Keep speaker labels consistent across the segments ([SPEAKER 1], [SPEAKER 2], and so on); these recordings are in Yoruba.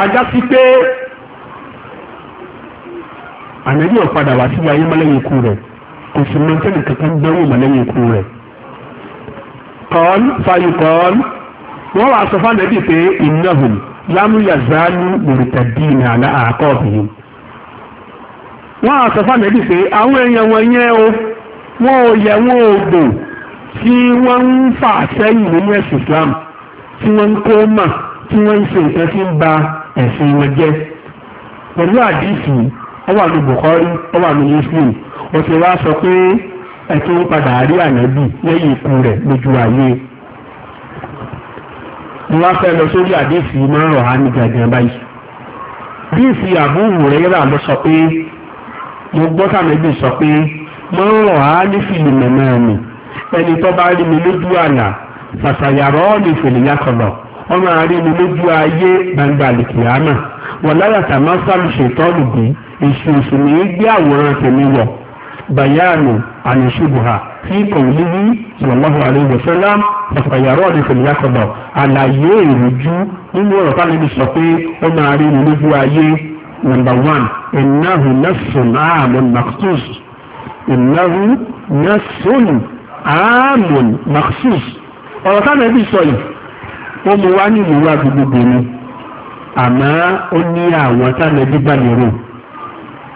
[SPEAKER 1] ajá sí pé ànábì ò padà wá sí ayé mọ́lẹ́yìn ikú rẹ̀ kò sì mọ sẹ́ni kankan dánwò mọ́lẹ́yìn ikú rẹ̀ kọ́ọ́n fàyè kọ́ọ́n wọ́n wàá sọ fún ànábì pé ìnáhùn lámúyà záánú mùrìtàdínà àkọ́ọ̀bìyìn wọ́n wàá sọ fún ànábì pé àwọn èèyàn wọn yẹn o wọn ò yẹ wọn ò gbò tí wọ́n ń fà sẹ́yìn nínú ẹ̀sìn Islam tí wọ́n ń kó mà tí wọ́n ń ṣe nǹkan tí ń ba ẹ̀sìn wọn jẹ́ pẹ̀lú àdìsí ọwà ní Bukhari ọwà ní Muslim ó ti wá sọ pé ẹ̀tún ń padà rí ànábì lẹ́yìn ikú rẹ̀ lójú ayé mo wá fẹ́ lọ sórí àdìsí máa ń rọ̀ á ní gàgàn báyìí bíìsì Abu Hurairah ló sọ pé mo gbọ́ sàmẹ́bí sọ pé máa ń rọ̀ á ní fìlì mẹ́mẹ́ mi ẹni tó bá rí mi lójú àlà fàṣàyàrọ́ ní fìlì yàtọ̀ lọ wọ́n máa rí mi lójú ayé gbangba àlìkìyàmà wọ́n láyà tàmá sálù ṣètọ́lù bí èsì òsì ní í gbé àwòrán tèmi wọ̀ bayanu àníṣubùhà tí kọ̀ọ̀lìyí sallallahu alaihi wasallam ọ̀fàyàrọ̀ ọ̀dẹ̀fẹ̀lẹ̀ yàkọ̀dọ̀ àlàyé ìrújú nínú ọ̀rọ̀ tá níbi sọ pé wọ́n máa rí mi lójú ayé number one innahu nafsun aamun maksus innahu nafsun aamun maksus ọ̀rọ̀ tá sọ yìí wọ́n mú wá ní ìlú wa gbogbo ni àmọ́ ó ní àwọn tálẹ̀ gbígbà lérò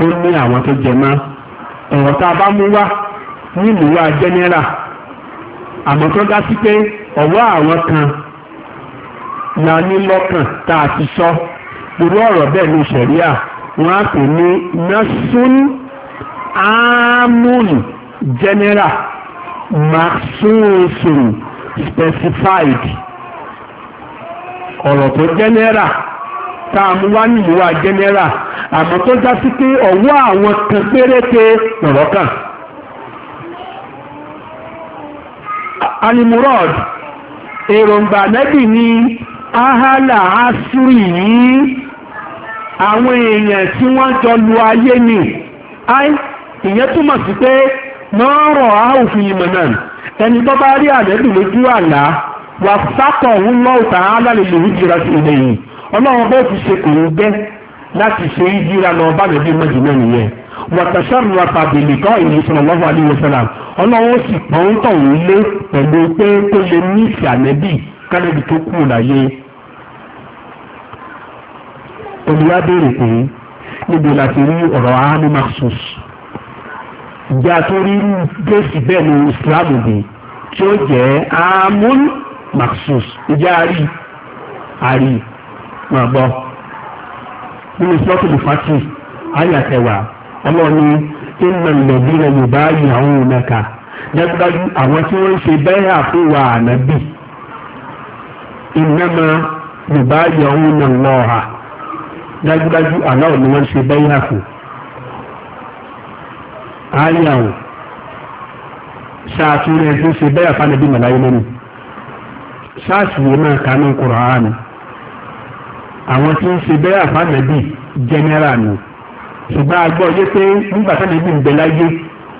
[SPEAKER 1] ó ní àwọn tó jẹ mọ́ ọ̀rọ̀ tá a bá mú wá ní ìlú wa jẹ́nẹ́rà àmọ́ tó dá sí pé ọ̀wọ́ àwọn kan la ní lọ́kàn tá a ti sọ irú ọ̀rọ̀ bẹ́ẹ̀ ní sẹ̀ríà wọ́n á pè ní nasun amun general maxusun specified. ọ̀rọ̀ tó jẹ́nẹ́rà tá a mú wá jẹ́nẹ́rà àmọ́ tó já sí pé àwọn kan péréte ọ̀rọ̀ kan. alimurad èròǹgbà nẹ́bì ni àwọn èèyàn tí wọ́n jọ lu ayé ni ai ìyẹn túmọ̀ sí pé mọ́rọ̀ ìmọ̀ náà ẹni tó bá wà sátọ̀ wúlọ́ ta'ala lè lè hijira sí ilé yìí ọlọ́run bó ti ṣe kòun gẹ́ láti ṣe hijira lọ bá lè bí Mẹ́dínà nìyẹn wàtàṣàrù àtàbìlì kan ìlú sallallahu alaihi wasallam ọlọ́run ó sì pọ́n tọ̀ ń lé pẹ̀lú pé kó lè ní ìfẹ́ ànẹ́bì kálẹ́bì tó kù láyé olùwà béèrè pé níbi láti rí ọ̀rọ̀ ahánú maxus ìjà tó rí gẹ̀ẹ́sì bẹ́ẹ̀ ní islam bì tí ó maxus ìjẹ́ àárí àárí máa gbọ́ nínú sọ́ọ̀tù bùfátì ayàtẹ̀wà ọlọ́ọ̀ni ìmọ̀ ìlẹ̀bí rẹ̀ yóò bá yìí àwọn ònàkà dájúdájú àwọn tí wọ́n ń ṣe bẹ́ẹ̀ àfúwà ànábì ìnáma yóò bá yìí àwọn ònàlọ́ọ̀hà dájúdájú aláwọ̀ ni wọ́n ṣe bẹ́yà fún ayàwó ṣáàtúrẹ́ tó ṣe bẹ́yà fánàbí màláyé lónìí ṣáàṣì yìí máa ka ní kùránì àwọn tí ń ṣe bẹ́ẹ̀ àfàlẹ́bì jẹ́nẹ́rà ni ṣùgbọ́n a gbọ́ yé pé nígbà tálẹ́bì ń bẹ láyé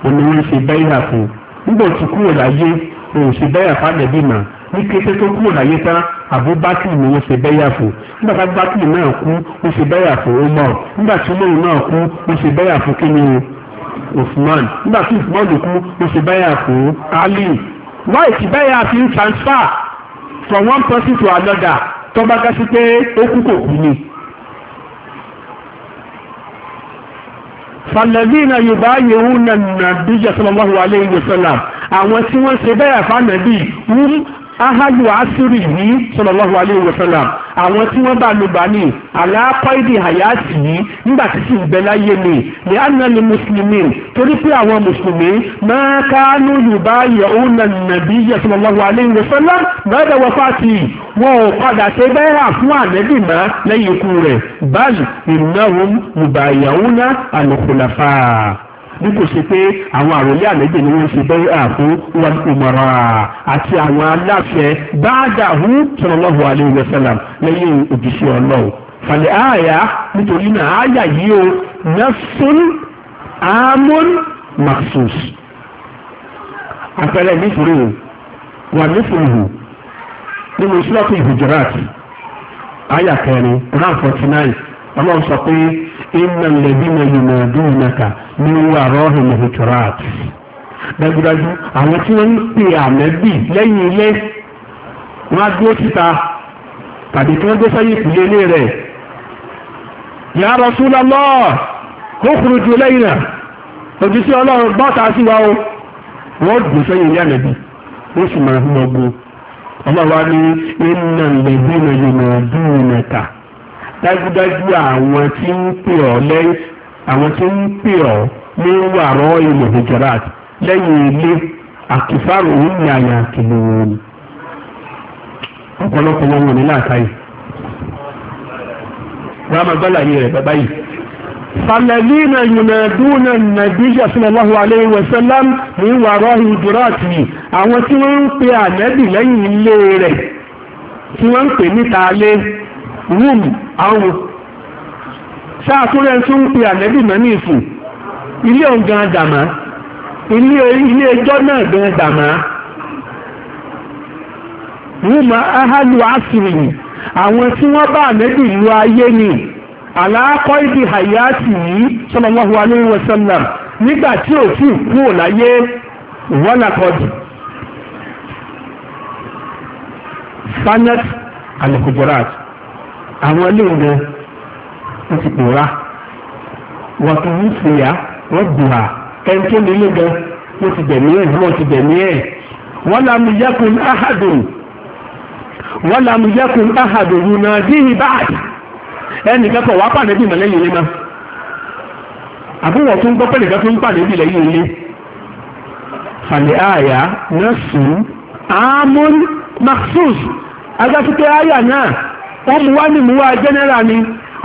[SPEAKER 1] òní wọ́n ṣe bẹ́ẹ̀ àfò nígbà tí kúrò láyé òun ṣe bẹ́ẹ̀ àfàlẹ́bì mà ní kété tó kúrò láyé tán àbúbákì ni wọ́n ṣe bẹ́ẹ̀ àfò nígbà tí àbúbákì náà kú wọ́n ṣe bẹ́ẹ̀ àfò Umar nígbà tí Umar náà kú wọ́n ṣe bẹ́ẹ̀ àfò kíni Usman nígbà tí Usman kú wọ́n ṣe bẹ́ẹ̀ àfò Ali wáyé ti bẹ́ẹ̀ àfi ń transfer from one person to another tó bá gá sí pé ó kú kò kú ni. fàlẹ́bínà yorùbá yòówù nàìjíríà bíjà sallallahu alayhi wa sallam àwọn tí wọ́n ṣe bẹ́ẹ̀ fànàbí wọ́n áhájú àásírì yìí sallallahu alayhi wa àwọn tí wọ́n bá lu bani aláàpọ̀ìdì àyàtì yìí nígbà tí sì ń bẹ láyé ni ní ànàlì mùsùlùmí torí pé àwọn mùsùlùmí máa kánú yorùbá yẹ̀hún na nàbí sallallahu alaihi wasallam lọ́dọ̀ wọ́n fàtì wọn ò padà ṣe bẹ́ẹ̀ hà fún ànẹ́bì mọ́ lẹ́yìn ikú rẹ̀ báyìí ìnáwó yorùbá yẹ̀hún na al-khulafa bí kò ṣe pé àwọn àròlé àlejò ni wọ́n ṣe bẹ́ẹ̀ àfún wọn ìmọ̀ràn àti àwọn aláṣẹ báàdà hu sallallahu alaihi wasallam lẹ́yìn òjíṣẹ́ ọlọ́run fàlẹ́ àyà nítorí náà àyà yìí o nafsun amon maxus àpẹẹrẹ nífòrò wà nífòrò nínú sọ́ọ̀tù Hujurat àyà kẹrin round forty nine ọlọ́run sọ pé iná lẹ́bí na yìnbọn dùn nàkà ní wà rọ́ọ̀hìn mọ̀tòrát dájúdájú àwọn tí wọ́n ń pè àmẹ́bì lẹ́yìn ilé wọn á dúró síta tàbí kí wọ́n gbé sẹ́yìn ìpìlẹ̀ ilé rẹ̀ yà á Rasulullah ó kúrò jù lẹ́yìn náà òjì sí ọlọ́run bọ́ta sí wa o wọ́n gbé sẹ́yìn ilé àmẹ́bì ó sì máa ń lọ gbó ọlọ́run wá ní iná lẹ́bí na yìnbọn dùn nàkà dájúdájú àwọn tí ń pè ọ́ lẹ́yìn àwọn tí ń pè ọ́ ní wàrọ̀ ilẹ̀ hujarat lẹ́yìn ilé àkìfàrò ní àyà àkìlò wọn ọ̀pọ̀lọpọ̀ wọn ní láàkáyì wọ́n á máa gbọ́là yìí rẹ̀ bàbá yìí. فالذين ينادون النبي صلى الله عليه وسلم من وراء حجراته àwọn tí wọ́n ń pè ànábì lẹ́yìn ilé rẹ̀ tí wọ́n ń pè níta lé wùm àwọn sáàtúrẹ́ tún pe ànẹ́bì mọ́ ìfù ilé ọ̀gán dàmá ilé ẹjọ́ náà gan dàmá wùm ahalu asiri àwọn tí wọ́n bá ànẹ́bì lu ayé ni àlàákọ́ ibi hayati yìí sallallahu alaihi wasallam nígbà tí ò tí kú ò láyé wọ́nàkọ́dù sanat alikuburat àwọn ilé ìwé wọ́n ti pòórá wọ́n ti wú sí ya wọ́n gbùrà kẹ́ńtẹ́ nílé gan wọ́n ti dẹ̀mí ẹ̀ wọ́n ti dẹ̀mí ẹ̀ wọ́n làmú yẹ́kùn áhàdùn wọ́n làmú yẹ́kùn áhàdùn yìí náà dí àyà náà sùn àmúl maxus agbátúkẹ́ àyà náà wọ́n mú wá ní mú wá jẹ́nẹ́rà ni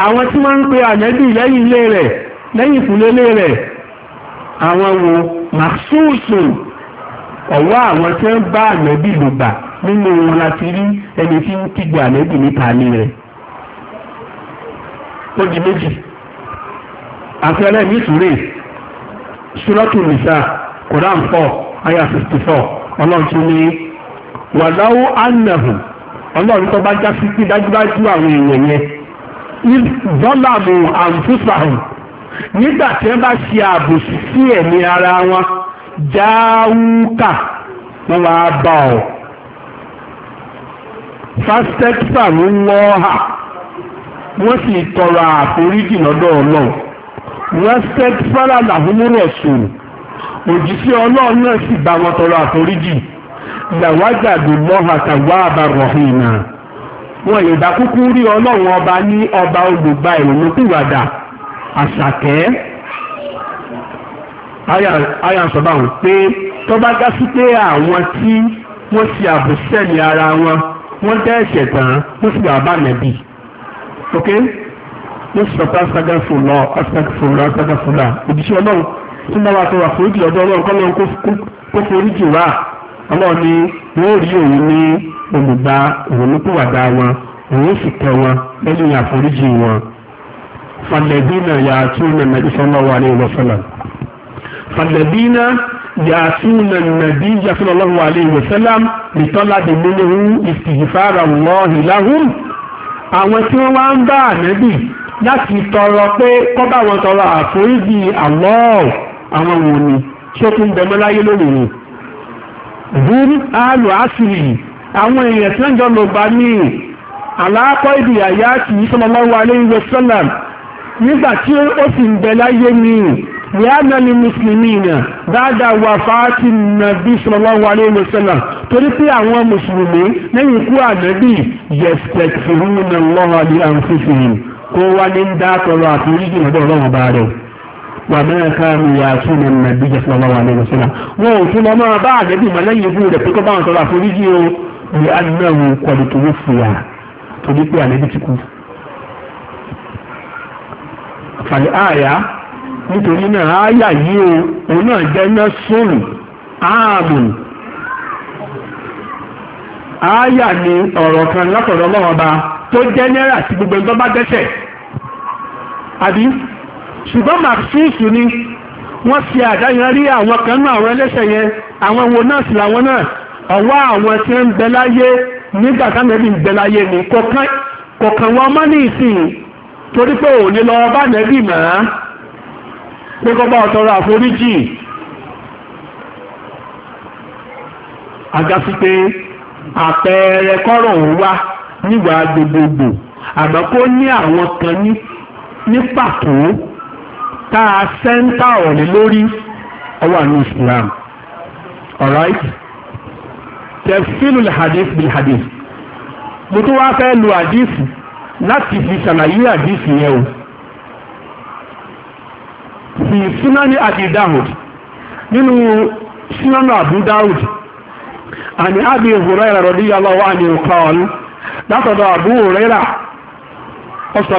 [SPEAKER 1] àwọn tí wọ́n ń pe ànẹ́bì lẹ́yìn ilé rẹ̀ lẹ́yìn ìfúnlélé rẹ̀ àwọn wo màṣúùsù àwọn tí wọ́n bá ànẹ́bì lò nínú wọn láti rí ẹni tí ń kígbe ànẹ́bì níta ní rẹ̀ ọlọ́run tó bá já sí dájúdájú àwọn èèyàn yẹn dọ́là àǹfùsàhùn nígbà tí wọ́n bá ṣe àbòsí sí ẹ̀mí ara wọn jáwúkà wọ́n wá bá ọ. fásitẹ́kítà ló ń wọ́ si wọ́n sì tọrọ àforíjì lọ́dọ̀ ọlọ́run wọ́n sẹ́kítà làwọn múrọ̀ sùn òjì si ọlọ́run náà sì wọn tọrọ àforíjì. làwájàdù lọ́hàtà wà bá rọ̀hìnà wọn lè bá kúkú rí ọlọ́run ọba ní ọba olùgbà àṣàkẹ́ aya wọn pé tọ́ba dá pé àwọn tí wọ́n ṣe àbùsẹ́ẹ̀lì ara wọn wọ́n dá tán wọ́n sì ok wọ́n sì sọ̀tà ọlọ́run tí wọ́n bá ọlọ́run kọ́ ọlọ́run ní wọ́n rí òun ní olùgbà ìrònúkúwàdà wọn òun sì tẹ wọn lẹ́yìn àforíjì wọn fàlẹ́bínà yàtúnà nàbí sallallahu alaihi wasallam fàlẹ́bínà yàtúnà nàbí sallallahu alaihi wasallam nìtọ́lá di mímú ìsìfàrà wọ́ọ̀hì láhùn àwọn tí wọ́n wá ń bá ànẹ́bì láti tọrọ pé kọ́ wọn tọrọ àforíjì àlọ́ àwọn wò ni ṣé tún bẹ̀mọ́ hum alu asiri àwọn èèyàn tí wọ́n jọ lò bá ní aláàkọ́ ìdí àyá kì í sallallahu alayhi wa sallam nígbà tí ó sì ń bẹ láyé ní ìyáàmà ní mùsùlùmí náà dáadáa wà fáátì nàbí wa torí pé àwọn mùsùlùmí lẹ́yìn ikú ànábì yastaghfiruna Allaha li anfusihim kó wá ní dákọ̀rọ̀ àforíjì ọ̀dọ̀ wà mẹ́rin káàmù yà tún ní nàbí jẹ́ fún ọmọ wa ní ìwọ̀sílá wọn ò tún lọ máa bá àgẹ́bí mọ̀lẹ́yìn fún rẹ̀ pé kọ́ bá wọn sọ̀rọ̀ àforíjì o ní anáwó kọlu tó wó fìyà torí pé àlẹ́bí ti kú. fàlẹ́ àyà nítorí náà àyà yìí o òun náà jẹ́ iná sóòlù áàmùn àyà ni ọ̀rọ̀ kan látọ̀dọ̀ ọlọ́wọ́ tó jẹ́ náírà sí gbogbo ẹni bá dẹ́ṣẹ̀ àbí ṣùgbọ́n màṣúùsù ni wọ́n fi àdáyanrí àwọn kan náà àwọn ẹlẹ́ṣẹ̀ yẹn àwọn wo náà sì làwọn náà ọwọ́ àwọn tí ń bẹ láyé ni kọ̀kan wọn mọ́ ní ìsìn torí pé ò ní bá nẹ́bí mọ́ pé kọ́ bá àforíjì pé àpẹẹrẹ kọ́rọ̀ ń wá ní àwọn ta a sẹ́ńtà ọ̀rẹ́ lórí ọwà ní Islam alright tẹ̀sílù hadith bil hadith mo tún wá fẹ́ lu hadith láti fi ṣàlàyé hadith yẹn o fi sunani Abi Dawud nínú sunanu Abu Dawud àni Abi Hurairah radiyallahu anhu qala látọ̀dọ̀ Abu Hurairah ó sọ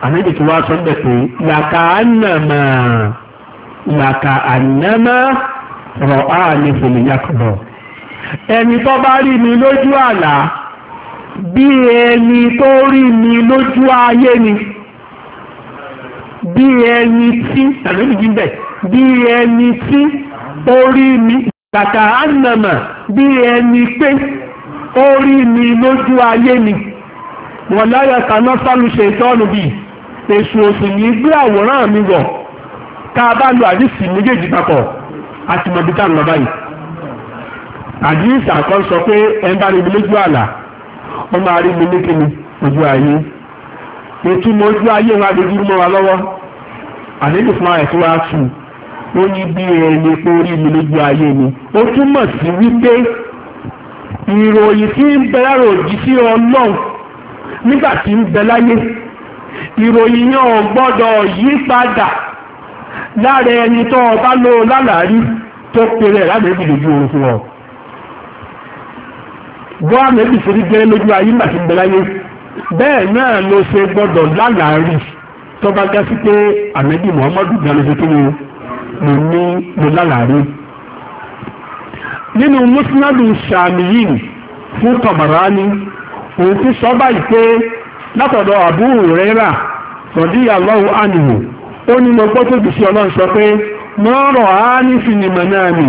[SPEAKER 1] ànábì tí wàá sọ ń bẹ̀ pé làkà ànàmà làkà ànàmà rọ̀ á ní fòlìyàkọ̀rọ̀ ẹni tó bá rí mi lójú àlá bí ẹni tó rí mi lójú ayé ni bí ẹni tí ànábì jí bí ẹni tí ó rí mi làkà ànàmà bí ẹni pé ó rí mi lójú ayé ni wọ̀láyà kaná sálùṣe ìtọ́nù bíi èṣù òsì ní gbé àwòrán mi wọ̀ tá a bá lo àdìsí méjèèjì papọ̀ àti mọ̀bí tá lọ báyìí àkọ́ sọ pé ẹ ń bá lójú àlà wọ́n máa rí mi ní kíni ojú ayé ìtumọ̀ ojú ayé wa lè dúró mọ́ wa lọ́wọ́ àlejò fún tù ó ní bí ẹni pé mi lójú ayé ó túmọ̀ sí wípé ìròyìn yẹn ò gbọ́dọ̀ yí padà lára ẹni tó ọba ló lálàárí tó pèrè lábẹ́ ibi lójú oorun fún ọ gbọ́ àmì ẹbí sí gẹ́rẹ́ lójú ayé màtí gbẹ́láyé bẹ́ẹ̀ náà ló ṣe gbọ́dọ̀ lálàárí tó bá gá sí pé àmẹ́bí Muhammadu gan ló ṣe kí ni mo ní mo lálàárí nínú musnadu sàmìyìn fún Tabarani òun ti sọ báyìí pé látọ̀dọ̀ Abu Hurairah radiyallahu anhu ó ní mo gbọ́ tóbi sí ọlọ́run sọ pé mọ́rọ̀ á ní sinimá náà mi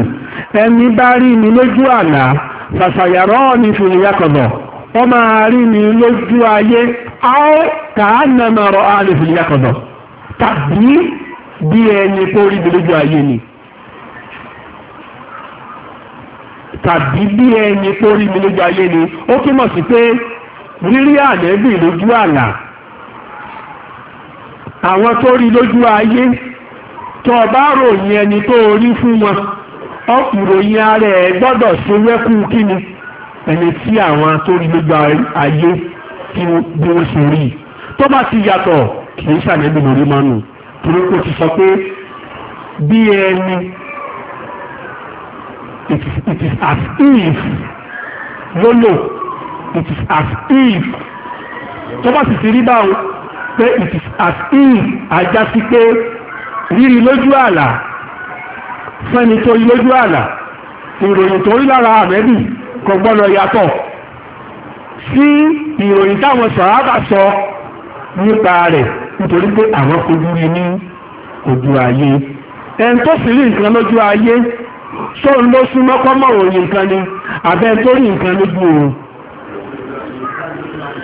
[SPEAKER 1] ẹni bá rí mi lójú àlá fàṣàyàrọ́ ní fìyà kọ̀dọ̀ wọ́n máa rí mi lójú ayé á kàánàmà rọ̀ á ní fìyà kọ̀dọ̀ tàbí bí ẹni tó rí mi lójú ayé ni tàbí bí ó túmọ̀ sí pé rírí ànẹ́bì lójú àlà àwọn tó rí lójú ayé tó bá ròyìn ẹni tó rí fún wọn ọkùnròyìn ara ẹ̀ gbọ́dọ̀ ṣe wẹ́kú kíni ẹni tí àwọn tó rí lójú ayé tí bí wọ́n ṣe rí tó bá ti yàtọ̀ kì í ṣànẹ́bì lórí mọ́nù torí kò ti sọ pé bí ẹni it is as if ló lò it is as if tó bá sì ti rí báwo pé it is as if ajá sí pé rírí lójú àlà fẹ́ni tó rí lójú àlà ìròyìn tó rí lára àmẹ́bì kò gbọ́dọ̀ yàtọ̀ sí ìròyìn táwọn sàhábà sọ nípa rẹ̀ nítorí pé àwọn kojú rí ní ojú ayé ẹni tó sì rí nǹkan lójú ayé sóun ló súnmọ́ kọ́mọ̀ òyìn nǹkan ni àbẹ́ tó rí nǹkan lójú òun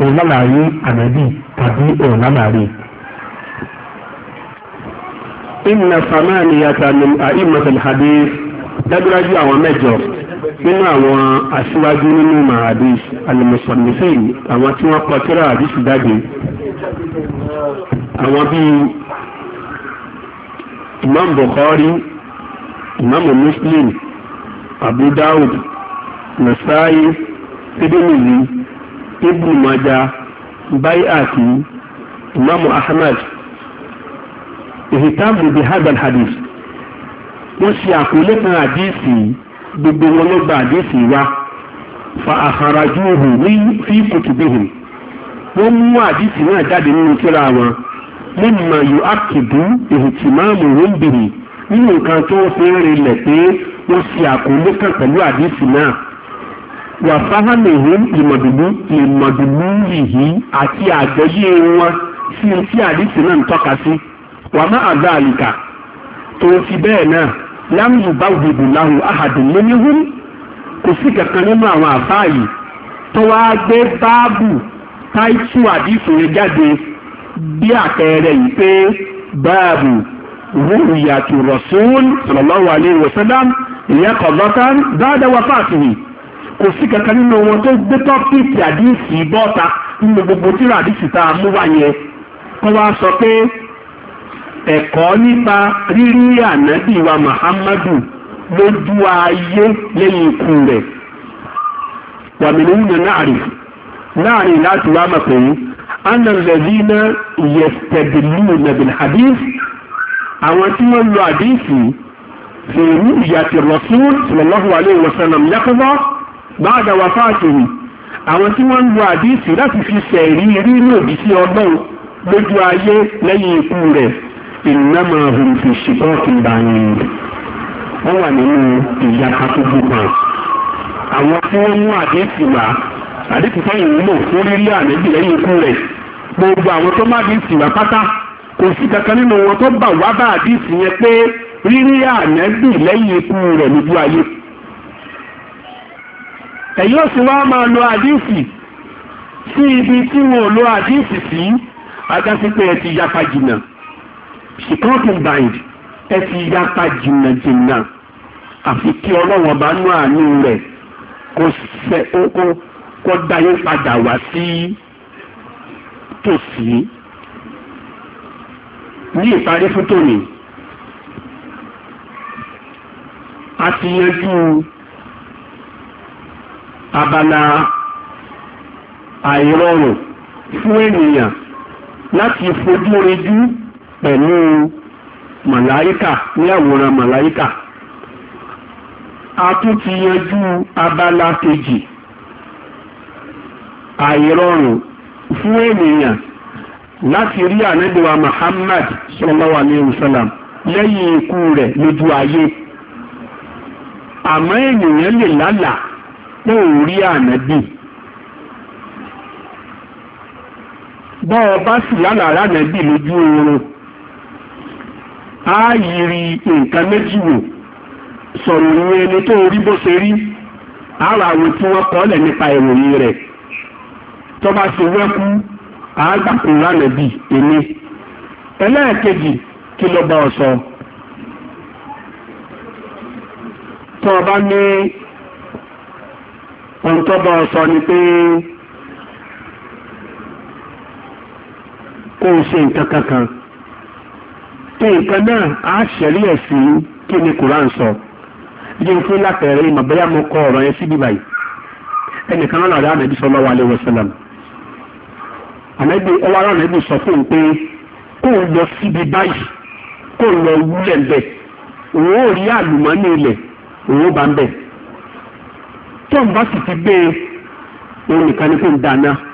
[SPEAKER 1] òun lálàárí ànábì tàbí òun lálàárí. inna fama ni a'immat al-hadith dájúdájú àwọn mẹ́jọ nínú àwọn aṣíwájú nínú mahadis alimusannifin àwọn tí wọ́n kọ tírà àdìsí jáde àwọn bíi imam bukhari imam muslim abu dawud ibn majah bayat imam ahmad ìhìtàbù bí hadal hadith wọ́n ṣe àkọlé kan àdíìsì gbogbo wọn ló gba àdíìsì wa fa àkàràjúhù ní fi kùtùbíhù wọ́n mú àdíìsì náà jáde nínú tírà wọn mímọ̀ yóò ákìdú ìhìtìmáàmù rúmbìrì nínú nǹkan tó ń fi ń rinlẹ̀ pé wọ́n ṣe wà fáhámẹ̀hún ìmọ̀dùnmú ìmọ̀dùnmú yìí àti àgbọ́yé wọn sí tí àdìsí náà ń tọ́ka sí wà má àgbà àlìkà tó fi bẹ́ẹ̀ náà láwùjọ bá gbogbo láhùn àhàdùn lóníhùn kò sí kankan nínú àwọn àfáà yìí tó wá gbé báàbù táìtù àdìsí rẹ̀ jáde bí àpẹẹrẹ yìí pé báàbù rúùyàtù rọ̀ṣún sallallahu alayhi wa sallam ìyẹn kọ̀ọ̀lọ́tà dáadáa wá fáàtì yìí kò sí kankan nínú wọn tó gbé tọ́pìkì àdìsí bọ́ta nínú gbogbo tíra àdìsí tá a mú wá yẹn kó wá sọ pé ẹ̀kọ́ nípa rírí ànábì wa Muhammadu lójú ayé lẹ́yìn ikú rẹ̀ wàmìnú yẹn láàrin láàrin láti wá mọ̀ pé annalẹ́dínà yẹ̀tẹ̀dìlú nàbìn hadith àwọn tí wọ́n lo àdìsí fèrè ní ìyàtì Rasul sallallahu alayhi wa sallam lẹ́kọ̀ọ́ báàdà wà fáàtìrì àwọn tí wọ́n ń lo àdíìsì láti fi sẹ̀rí rírì òdì sí ọlọ́run lójú ayé lẹ́yìn ikú rẹ̀ ìnáma òǹfì ṣìkọ́ọ̀kì báyìí wọ́n wà nínú ìyá kakúgbù kan àwọn tí wọ́n mú àdíìsì wá àdíìsì sẹ́yìn lò fún rírí àmẹ́bí lẹ́yìn ikú rẹ̀ gbogbo àwọn tó má àdíìsì wá pátá kò sí kankan nínú wọn tó bà wá bá àdíìsì yẹn pé rírí àmẹ́bí lẹ́yìn ikú rẹ̀ lójú ayé ẹ̀yin ò sì wá máa lo àdíìsì sí ibi tí wọn ò lo àdíìsì sí agásí pé ẹ ti yapa jìnnà she can't bind ẹ ti yapa jìnnà jìnnà àfi kí ọlọ́wọ́n bá nú àánú rẹ̀ kó ṣe kó kó dáyé padà wá sí tòsí ní ìparí fún tòní a ti yanjú abala àìrọrùn fún ènìyàn láti fojú rejú pẹ̀lú màláíkà ní àwòrán màláíkà a tún ti yanjú abala kejì àìrọrùn fún ènìyàn láti rí ànẹ́dẹ̀wà Muhammad sallallahu alayhi wa sallam lẹ́yìn ikú rẹ̀ lójú ayé àmọ́ ènìyàn lè lálàá pé ò rí ànábì bọ́ ọ bá sì lálàá ànábì lójú oorun yiri nǹkan méjì wò sọ̀rọ̀ ìwé ẹni tó rí bó ṣe rí ara tí wọ́n kọ́ lẹ̀ nípa ìròyìn rẹ̀ tó bá ṣe wẹ́kú àágbàkùn lánàbì ẹlẹ́ẹ̀kejì kí ohun tó bọ́ sọ ni pé kó o ṣe nǹkan kankan nǹkan náà á ṣẹ̀rí ẹ̀ sí kí ni Quran sọ yín fún látẹ̀rẹ́ ìmọ̀ bóyá mo kọ ọ̀rọ̀ yẹn síbí báyìí ẹnìkan náà lọ́dọ̀ ànábì sallallahu alaihi wasallam ànábì ọwọ́ ara ànábì sọ fún un pé kó o lọ síbi báyìí kó o lọ wúlẹ̀ bẹ̀ òun ò rí àlùmọ́nì ilẹ̀ òun ò bá ń bẹ̀ tó ń bá sì ti gbé e òun nìkan ni kò ń dáná.